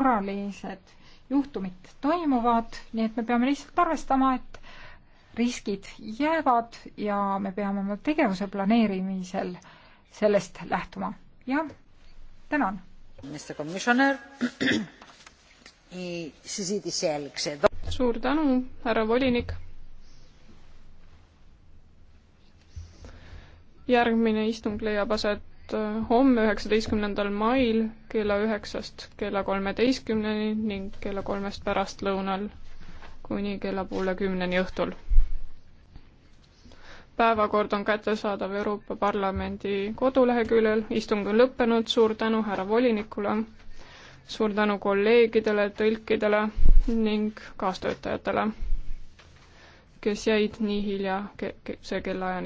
moraalised juhtumid toimuvad, nii et me peame lihtsalt arvestama, et riskid jäävad ja me peame oma tegevuse planeerimisel sellest lähtuma. jah, tänan. suur tänu, härra volinik. järgmine istung leiab aset Äh, homme, üheksateistkümnendal mail kella üheksast kella kolmeteistkümneni ning kella kolmest pärastlõunal kuni kella poole kümneni õhtul. päevakord on kättesaadav Euroopa Parlamendi koduleheküljel, istung on lõppenud, suur tänu härra volinikule, suur tänu kolleegidele, tõlkidele ning kaastöötajatele, kes jäid nii hilja ke-, ke-, see kellaajani